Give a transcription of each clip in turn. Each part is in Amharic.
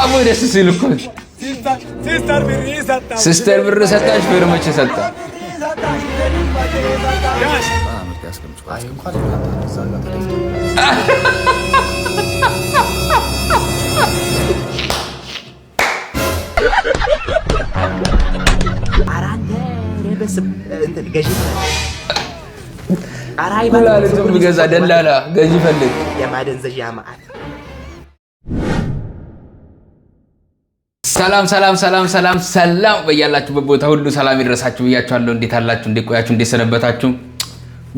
አቡ ደስ ሲል እኮ ሲስተር ብር ሰጣች፣ ብር መቼ ሰጣ? ገዛ ደላላ ገዢ ፈልግ የማደንዘዣ ማአት ሰላም ሰላም ሰላም ሰላም ሰላም በያላችሁበት ቦታ ሁሉ ሰላም ይድረሳችሁ ብያችኋለሁ። እንዴት አላችሁ? እንዴት ቆያችሁ? እንዴት ሰነበታችሁ?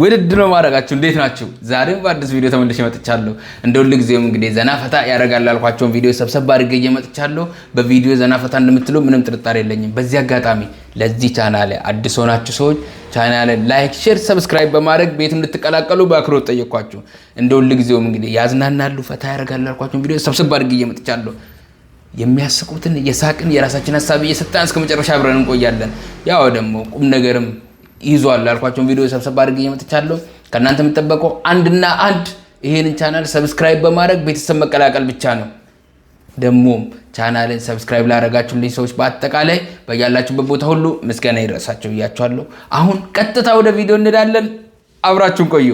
ውድድ ነው ማድረጋችሁ እንዴት ናችሁ? ዛሬም በአዲስ ቪዲዮ ተመልሼ መጥቻለሁ። እንደ ሁሉ እንግዲህ ዘና ፈታ ያደርጋል ያልኳቸውን ቪዲዮ ሰብሰብ አድርጌ እየመጥቻለሁ። በቪዲዮ ዘና ፈታ እንደምትሉ ምንም ጥርጣሬ የለኝም። በዚህ አጋጣሚ ለዚህ ቻናል አዲስ ሆናችሁ ሰዎች ቻናልን ላይክ፣ ሼር፣ ሰብስክራይብ በማድረግ ቤት እንድትቀላቀሉ በአክብሮት ጠየኳችሁ። እንደ ሁል ጊዜውም እንግዲህ ያዝናናሉ፣ ፈታ ያደርጋሉ ያልኳቸውን ቪዲዮ ሰብስብ አድርግ እየመጥቻለሁ። የሚያስቁትን የሳቅን የራሳችን ሀሳብ እየሰጠን እስከ መጨረሻ አብረን እንቆያለን። ያው ደግሞ ቁም ነገርም ይዟል ያልኳቸውን ቪዲዮ ሰብሰብ አድርግ እየመጥቻለሁ። ከእናንተ የምጠበቀው አንድና አንድ ይህንን ቻናል ሰብስክራይብ በማድረግ ቤተሰብ መቀላቀል ብቻ ነው። ደግሞም ቻናልን ሰብስክራይብ ላደረጋችሁልኝ ሰዎች በአጠቃላይ በያላችሁበት ቦታ ሁሉ ምስጋና ይድረሳችሁ እያችኋለሁ። አሁን ቀጥታ ወደ ቪዲዮ እንሄዳለን። አብራችሁን ቆዩ።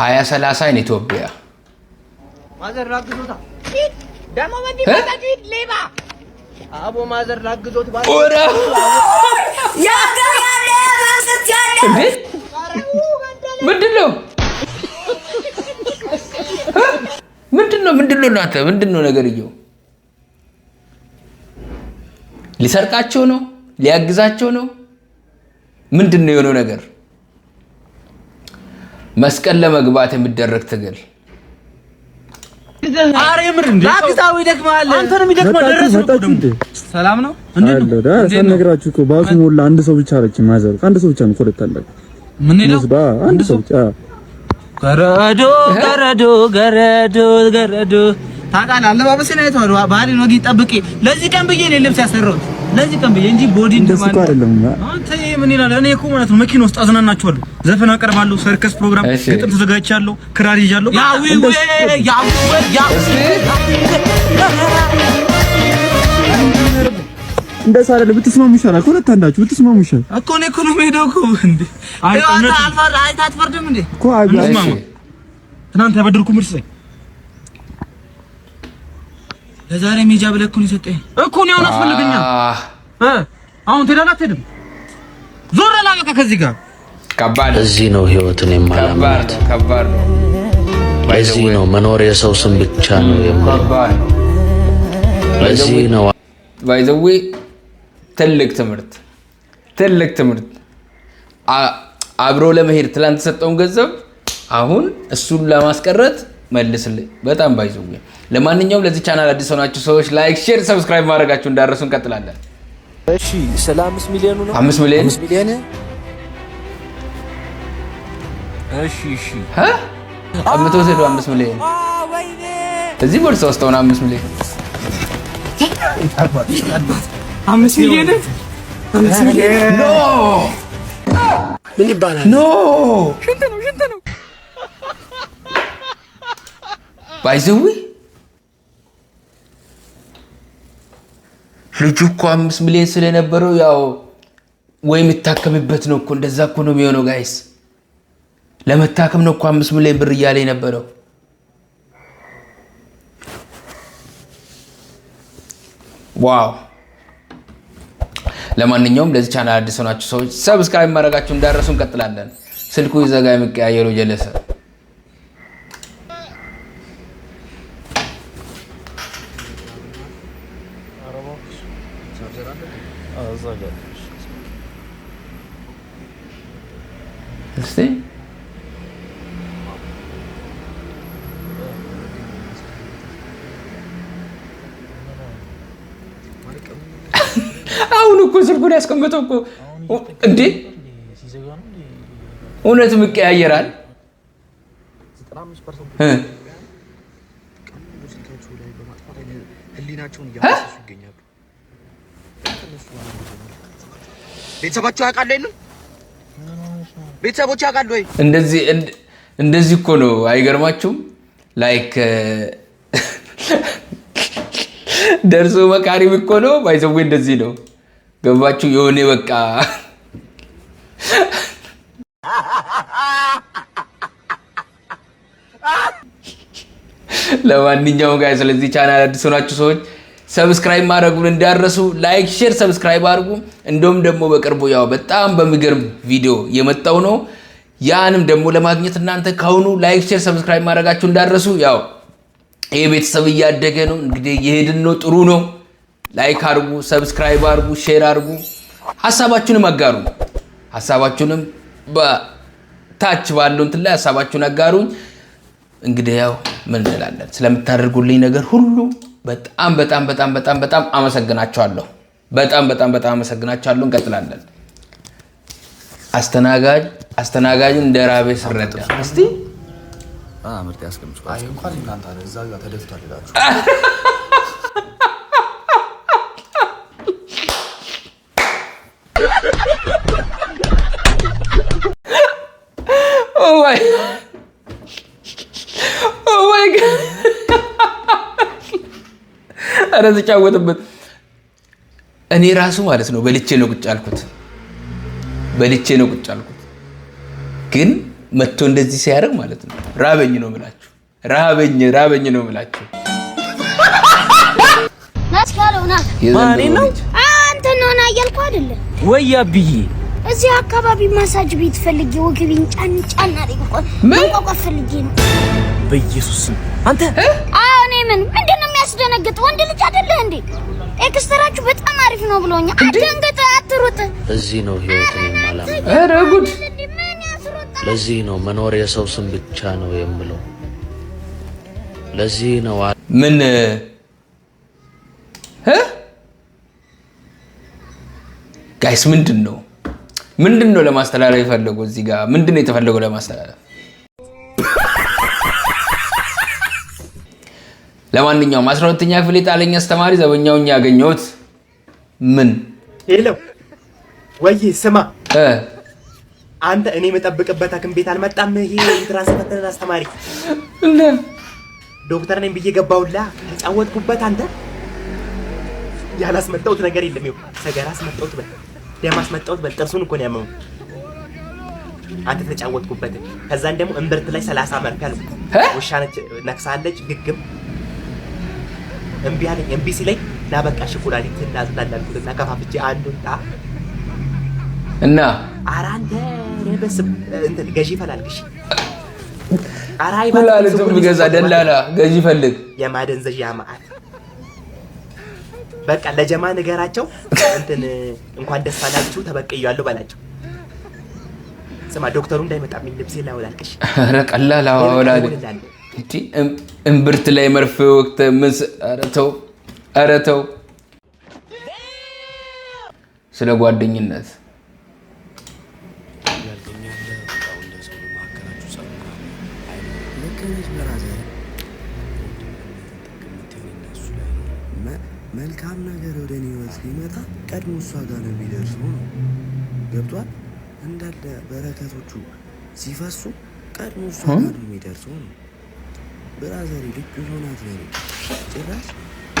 ሀያ ሰላሳ ኢን ኢትዮጵያ ሌባ አቦ ማዘር ላግዞት ባለ ምንድን ነው ምንድን ነው እናንተ ምንድን ነው ነገርየው? ሊሰርቃቸው ነው? ሊያግዛቸው ነው? ምንድን ነው የሆነው ነገር? መስቀል ለመግባት የሚደረግ ትግል ሰላም አንድ ሰው ብቻ አለች ማዘሩ። አንድ ሰው ብቻ ነው ኮለታለች። ምን ነው አንድ ሰው ብቻ። ገረዶ ገረዶ ገረዶ ገረዶ ታውቃለህ፣ አለባበሴን አይተኸዋል። ባህሪ ነው። ጠብቄ ለዚህ ቀን ብዬ ነው ልብስ ያሰራሁት ለዚህ ቀን ብዬ እንጂ ቦዲ እንደማን አይደለም። አንተ ምን ይላል? እኔ እኮ ማለት ነው መኪና ውስጥ አዝናናችኋለሁ፣ ዘፈን አቀርባለሁ፣ ሰርከስ ፕሮግራም፣ ግጥም ተዘጋጅቻለሁ፣ ክራር ይዣለሁ። ያው ያው ያው እንደዛ አይደለም። ብትስማሙ ይሻላል። ሁለት አንዳችሁ ብትስማሙ ይሻላል እኮ እኔ እኮ ነው የምሄደው እኮ እንዴ። አይ አንተ አትፈርድም እንዴ እኮ አይ ትናንት ያበድርኩ ምርስ ነኝ ለዛሬ ሜጃ ብለህ እኮ ነው የሰጠኝ እኮ ነው። አሁን አስፈልገኛል። አሁን ትሄዳለህ አትሄድም? ዞር በላ በቃ። ከዚህ ጋር ከባድ እዚህ ነው ህይወትን የማላምናት ከባድ ነው። ለዚህ ነው መኖር የሰው ስም ብቻ ነው የማባል። ለዚህ ነው ባይ ዘ ባይዘዌ ትልቅ ትምህርት ትልቅ ትምህርት አብሮ ለመሄድ ትላንት ሰጠውን ገንዘብ አሁን እሱን ለማስቀረት መልስልኝ። በጣም ባይዘው ለማንኛውም ለዚህ ቻናል አዲስ ሆናችሁ ሰዎች ላይክ፣ ሼር፣ ሰብስክራይብ ማድረጋችሁ እንዳረሱ እንቀጥላለን። እሺ ስለ አምስት ሚሊዮኑ ነው። አምስት ሚሊዮን አምስት ሚሊዮን እሺ፣ እሺ ሀ አምቶ ወሰደው አምስት ሚሊዮን እዚህ ቦርሳ ውስጥ ሆነ አምስት ሚሊዮን አምስት ሚሊዮን አምስት ሚሊዮን ኖ ምን ይባላል? ኖ ሽንት ነው፣ ሽንት ነው ባይዘዊ ልጁ እኮ አምስት ሚሊዮን ስለነበረው ያው ወይ የምታከምበት ነው እኮ እንደዛ እኮ ነው የሚሆነው። ጋይስ ለመታከም ነው እኮ አምስት ሚሊዮን ብር እያለ የነበረው። ዋው! ለማንኛውም ለዚህ ቻናል አዲስ ሆናችሁ ሰዎች ሰብስክራይብ ማድረጋችሁ እንዳረሱ እንቀጥላለን። ስልኩ ይዘጋ የሚቀያየሩ ጀለሰብ zagadniesz. እስቲ አሁን እኮ ስልኩን ያስቀመጠው እኮ እንዴ! እውነትም ይቀያየራል ህሊናቸውን እያሱ ይገኛል ቤተሰባቸው ያውቃሉ ይሄንን? ቤተሰቦች ያውቃሉ ወይ? እንደዚህ እንደዚህ እኮ ነው። አይገርማችሁም? ላይክ uh, ደርሶ መቃሪም እኮ ነው። ባይዘዌ እንደዚህ ነው። ገባችሁ? የሆነ በቃ ለማንኛውም ጋር ስለዚህ ቻናል አዲስ ሆናችሁ ሰዎች ሰብስክራይብ ማድረጉን እንዳረሱ፣ ላይክ፣ ሼር፣ ሰብስክራይብ አድርጉ። እንደውም ደግሞ በቅርቡ ያው በጣም በሚገርም ቪዲዮ የመጣው ነው። ያንም ደግሞ ለማግኘት እናንተ ከአሁኑ ላይክ፣ ሼር፣ ሰብስክራይብ ማድረጋችሁ እንዳረሱ። ያው ይህ ቤተሰብ እያደገ ነው እንግዲህ የሄድን ነው። ጥሩ ነው። ላይክ አድርጉ፣ ሰብስክራይብ አድርጉ፣ ሼር አድርጉ፣ ሀሳባችሁንም አጋሩ። ሀሳባችሁንም በታች ባለው እንትን ላይ ሀሳባችሁን አጋሩኝ። እንግዲህ ያው ምን እንላለን ስለምታደርጉልኝ ነገር ሁሉ በጣም በጣም በጣም በጣም በጣም አመሰግናቸዋለሁ። በጣም በጣም በጣም አመሰግናቸዋለሁ። እንቀጥላለን። አስተናጋጅ አስተናጋጅን እንደ ራቤ ስረዳ እስቲ ምርጥ ያስቀምጭ ተደፍቷል ጣሪያ ስጫወትበት እኔ ራሱ ማለት ነው በልቼ ነው ቁጭ አልኩት፣ በልቼ ነው ቁጭ አልኩት። ግን መጥቶ እንደዚህ ሲያደርግ ማለት ነው ራበኝ ነው ምላችሁ፣ ራበኝ ራበኝ ነው ምላችሁ። አንተና እያልኩ አይደለም ወይ አብዬ እዚህ አካባቢ ማሳጅ ቤት ወገቤን ጫን ጫን ቆይ ነው። በኢየሱስ አንተ ማርያምን ምንድን ነው የሚያስደነግጥ? ወንድ ልጅ አይደለህ እንዴ? ኤክስትራችሁ በጣም አሪፍ ነው ብሎኛ። አደንግጥ፣ አትሩጥ። እዚህ ነው ህይወትን የማላም ኧረ ጉድ። ለዚህ ነው መኖር የሰው ስም ብቻ ነው የምለው። ለዚህ ነው ምን ጋይስ፣ ምንድን ነው ምንድን ነው ለማስተላለፍ የፈለገው እዚህ ጋር ምንድን ነው የተፈለገው ለማስተላለፍ ለማንኛውም አስራ ሁለተኛ ክፍል የጣለኝ አስተማሪ ዘበኛውን ያገኘሁት ምን ይለው ወይ ስማ አንተ እኔ የምጠብቅበት ሐኪም ቤት አልመጣም። ይሄ ኢንትራንስ ፈተና አስተማሪ እንደ ዶክተር ነኝ ብዬ ገባውላ ተጫወትኩበት። አንተ ያላስመጣሁት ነገር የለም። ይኸው ሰገራ አስመጣሁት በል፣ ደም አስመጣሁት በል። ጥርሱን እኮ ነው ያመመው። አንተ ተጫወትኩበት። ከዛን ደግሞ እምብርት ላይ ሰላሳ መርፌ አልኩ። ውሻ ነች ነክሳለች ግግም እምቢ አለኝ። እምቢ ሲለኝ እና በቃ ሽኩላሊት እናዝናላልኩትና ከፋፍቼ አንዱ ጣ እና ኧረ አንተ በስ እንትን ገዢ ይፈላል ግዢ ገዛ ደላላ ገዢ ፈልግ የማደንዘዣ መዓት በቃ ለጀማ ንገራቸው እንትን እንኳን ደስ አላችሁ ተበቀያለሁ በላቸው። ስማ ዶክተሩ እንዳይመጣብኝ ልብሴ ላወላልቅሽ። ኧረ ቀላል አወላልቅ እምብርት ላይ መርፌ ወቅት ምስ አረተው አረተው ስለ ጓደኝነት መልካም ነገር ወደ እኔ ህይወት ሊመጣ ቀድሞ እሷ ጋር ነው የሚደርሰው። ነው ገብቷል። እንዳለ በረከቶቹ ሲፈሱ ቀድሞ እሷ ጋር ነው የሚደርሰው ነው ብራዘር ልክ የሆነ አትበሉ። ጭራሽ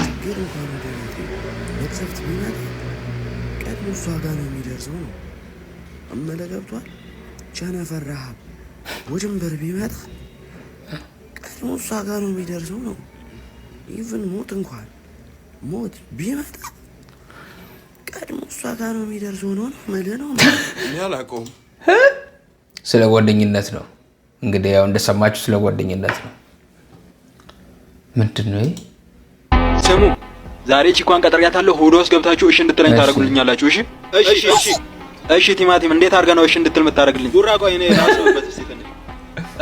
ችግር እንኳን ወደ ናት መቅሰፍት ቢመጣ ቀድሞ እሷ ጋ ነው የሚደርሰው ነው እመለ ገብቷል። ቸነፈር ረሃብ ወጀንበር ቢመጣ ቀድሞ እሷ ጋ ነው የሚደርሰው ነው። ኢቭን ሞት እንኳን ሞት ቢመጣ ቀድሞ እሷ ጋ ነው የሚደርሰው ነው ነው እመለ ነው ያላቆም ስለ ጓደኝነት ነው እንግዲህ ያው እንደሰማችሁ ስለ ጓደኝነት ነው። ምንድን ነው ስሙ? ዛሬ ቺኳን ቀጥሬያታለሁ። ሆዷ ውስጥ ገብታችሁ እሺ እንድትለኝ ታደርጉልኛላችሁ? እሺ እሺ እሺ እሺ። ቲማቲም እንዴት አድርገህ ነው እሺ እንድትል የምታደርግልኝ? ጉራ ቆይ ነው የታሰበበት። እስቲ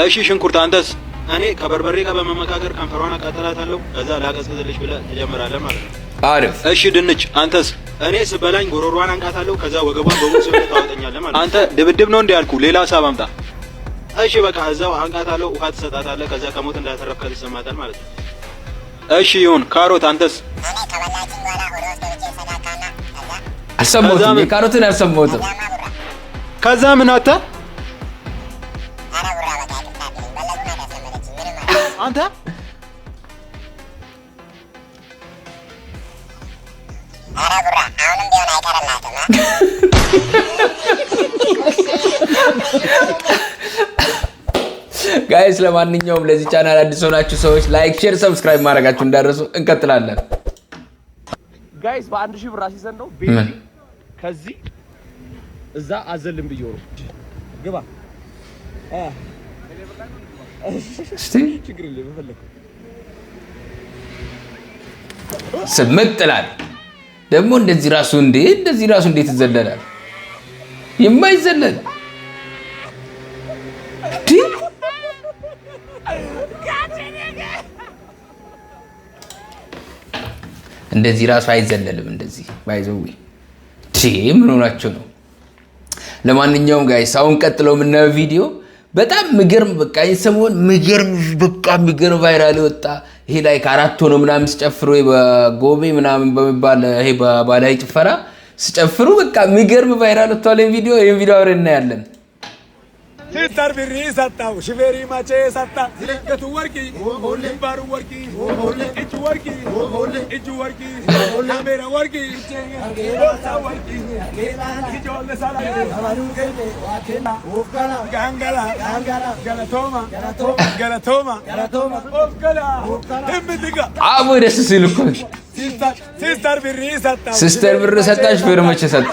እሺ። ሽንኩርት አንተስ? እኔ ከበርበሬ ጋር በመመካከር ከንፈሯን አቃጠላታለሁ። ከዛ ላቀዝቅዝልሽ ብለህ ትጀምራለህ ማለት ነው። አሪፍ እሺ። ድንች አንተስ? እኔ ስበላኝ ጉሮሯን አንቃታለሁ። ከዛ ወገቧን በሙሉ ሰው ታወጠኛለህ ማለት ነው። አንተ ድብድብ ነው እንዲያልኩ ሌላ ሀሳብ አምጣ። እሺ በቃ እዛው አንቃታለሁ፣ ውሃ ትሰጣታለህ። ከዛ ከሞት እንዳተረፍካት ይሰማታል ማለት ነው። እሺ ይሁን። ካሮት አንተስ? አልሰማሁትም። የካሮትን አልሰማሁትም። ከዛ ምን አተ አንተ ጋይስ። ለማንኛውም ለዚህ ቻናል አዲስ ሆናችሁ ሰዎች ላይክ፣ ሼር፣ ሰብስክራይብ ማድረጋችሁ እንዳደረሱ እንቀጥላለን። ጋይስ በአንድ ሺህ ብር አስይዘን ነው ቤት ከዚህ እዛ አዘልን ብዬ ነው ግባ ስምት ጥላል ደግሞ እንደዚህ ራሱ እንዴ እንደዚህ ራሱ እንዴት ይዘለላል? የማይዘለል እንደዚህ ራሱ አይዘለልም። እንደዚህ ባይዘዌ ምን ሆናቸው ነው? ለማንኛውም ጋይስ አሁን ቀጥለው የምናየው ቪዲዮ በጣም ምግርም በቃ የሰሞን ምግርም በቃ ምገርም ቫይራል ወጣ። ይሄ ላይ ከአራት ሆኖ ምናምን ስጨፍሩ በጎቤ ምናምን በሚባል ይሄ በባህላዊ ጭፈራ ስጨፍሩ በቃ ምገርም ቫይራል ወጥቷል። ቪዲዮ ይህን ቪዲዮ አብረን እናያለን። ሲጠር ብሪ ሰጣው ሽፌሪ ማቼ ሰጣ ዝለቀቱ ወርቂ ግንባሩ ወርቂ እጅ ወርቂ እጅ ወርቂ ካሜራ ወርቂ ወርቂ ጋንገላ ገለቶማ ኦፍገላ ደስ ሲል እኮ ሲስተር ብሪ ሰጣ ሲስተር ብር ሰጣሽ ፌርመቼ ሰጣ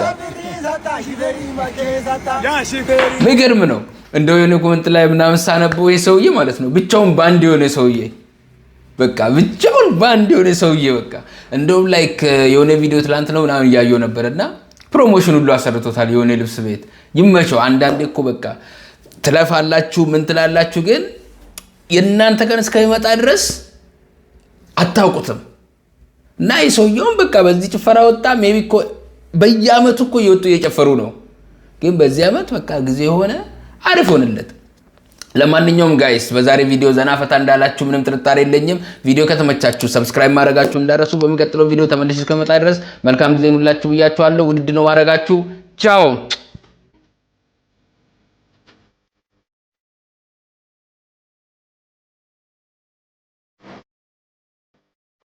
ያ ሽፌሪ ነው። እንደው የሆነ ኮመንት ላይ ምናምን ሳነበው ይሄ ሰውዬ ማለት ነው ብቻውን በአንድ የሆነ ሰውዬ በቃ ብቻውን በአንድ የሆነ ሰውዬ በቃ እንደውም ላይክ የሆነ ቪዲዮ ትላንት ነው ምናምን እያየው ነበር እና ፕሮሞሽን ሁሉ አሰርቶታል። የሆነ ልብስ ቤት ይመቸው። አንዳንዴ እኮ በቃ ትለፋላችሁ፣ ምን ትላላችሁ፣ ግን የእናንተ ቀን እስከሚመጣ ድረስ አታውቁትም። እና የሰውየውን በቃ በዚህ ጭፈራ ወጣ። ሜቢ እኮ በየአመቱ እኮ እየወጡ እየጨፈሩ ነው፣ ግን በዚህ አመት በቃ ጊዜ ሆነ አሪፍ ሆንለት። ለማንኛውም ጋይስ በዛሬ ቪዲዮ ዘና ፈታ እንዳላችሁ ምንም ጥርጣሬ የለኝም። ቪዲዮ ከተመቻችሁ ሰብስክራይብ ማድረጋችሁ እንዳረሱ። በሚቀጥለው ቪዲዮ ተመልሼ እስከመጣ ድረስ መልካም ጊዜ ሁላችሁ ብያችኋለሁ። ውድድ ነው ማድረጋችሁ። ቻው